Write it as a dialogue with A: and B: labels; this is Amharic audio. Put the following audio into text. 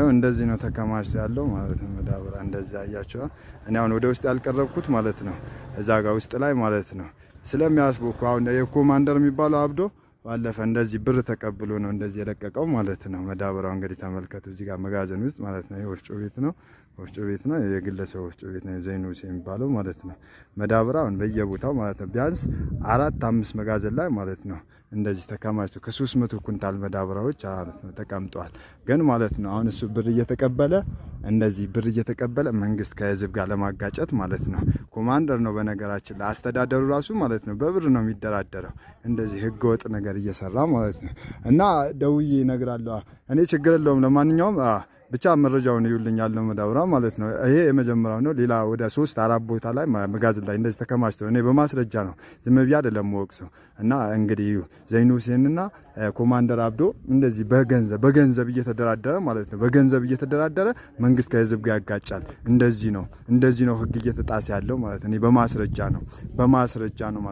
A: ያው እንደዚህ ነው ተከማችቶ ያለው ማለት ነው። ዳብራ እንደዚህ አያችኋል። እኔ አሁን ወደ ውስጥ ያልቀረብኩት ማለት ነው እዛ ጋር ውስጥ ላይ ማለት ነው ስለሚያስቦኩ አሁን የኮማንደር የሚባለው አብዶ ባለፈ እንደዚህ ብር ተቀብሎ ነው እንደዚህ የለቀቀው ማለት ነው። መዳበሪያው እንግዲህ ተመልከቱ፣ እዚህ ጋር መጋዘን ውስጥ ማለት ነው። ወፍጮ ቤት ነው፣ ወፍጮ ቤት ነው፣ የግለሰብ ወፍጮ ቤት ነው፣ ዘይኑስ የሚባለው ማለት ነው። መዳበሪያውን በየቦታው ማለት ነው ቢያንስ አራት አምስት መጋዘን ላይ ማለት ነው እንደዚህ ተከማችቶ ከሶስት መቶ ኩንታል መዳበሪያዎች ማለት ነው ተቀምጠዋል። ግን ማለት ነው አሁን እሱ ብር እየተቀበለ እንደዚህ ብር እየተቀበለ መንግስት ከህዝብ ጋር ለማጋጨት ማለት ነው። ኮማንደር ነው በነገራችን ላይ አስተዳደሩ ራሱ ማለት ነው በብር ነው የሚደራደረው። እንደዚህ ህገወጥ ነገር እየሰራ ማለት ነው። እና ደውዬ እነግራለሁ። እኔ ችግር የለውም ለማንኛውም ብቻ መረጃውን ይውልኛል ነው መዳብራ ማለት ነው። ይሄ የመጀመሪያው ነው። ሌላ ወደ ሶስት አራት ቦታ ላይ መጋዘን ላይ እንደዚህ ተከማችተው እኔ በማስረጃ ነው ዝም ብዬ አይደለም እና እንግዲህ ዘይኑ ሁሴንና ኮማንደር አብዶ እንደዚህ በገንዘብ በገንዘብ እየተደራደረ ማለት ነው በገንዘብ እየተደራደረ መንግስት ከህዝብ ጋር ያጋጫል። እንደዚህ ነው እንደዚህ ነው ህግ እየተጣሰ ያለው ማለት ነው። በማስረጃ ነው በማስረጃ ነው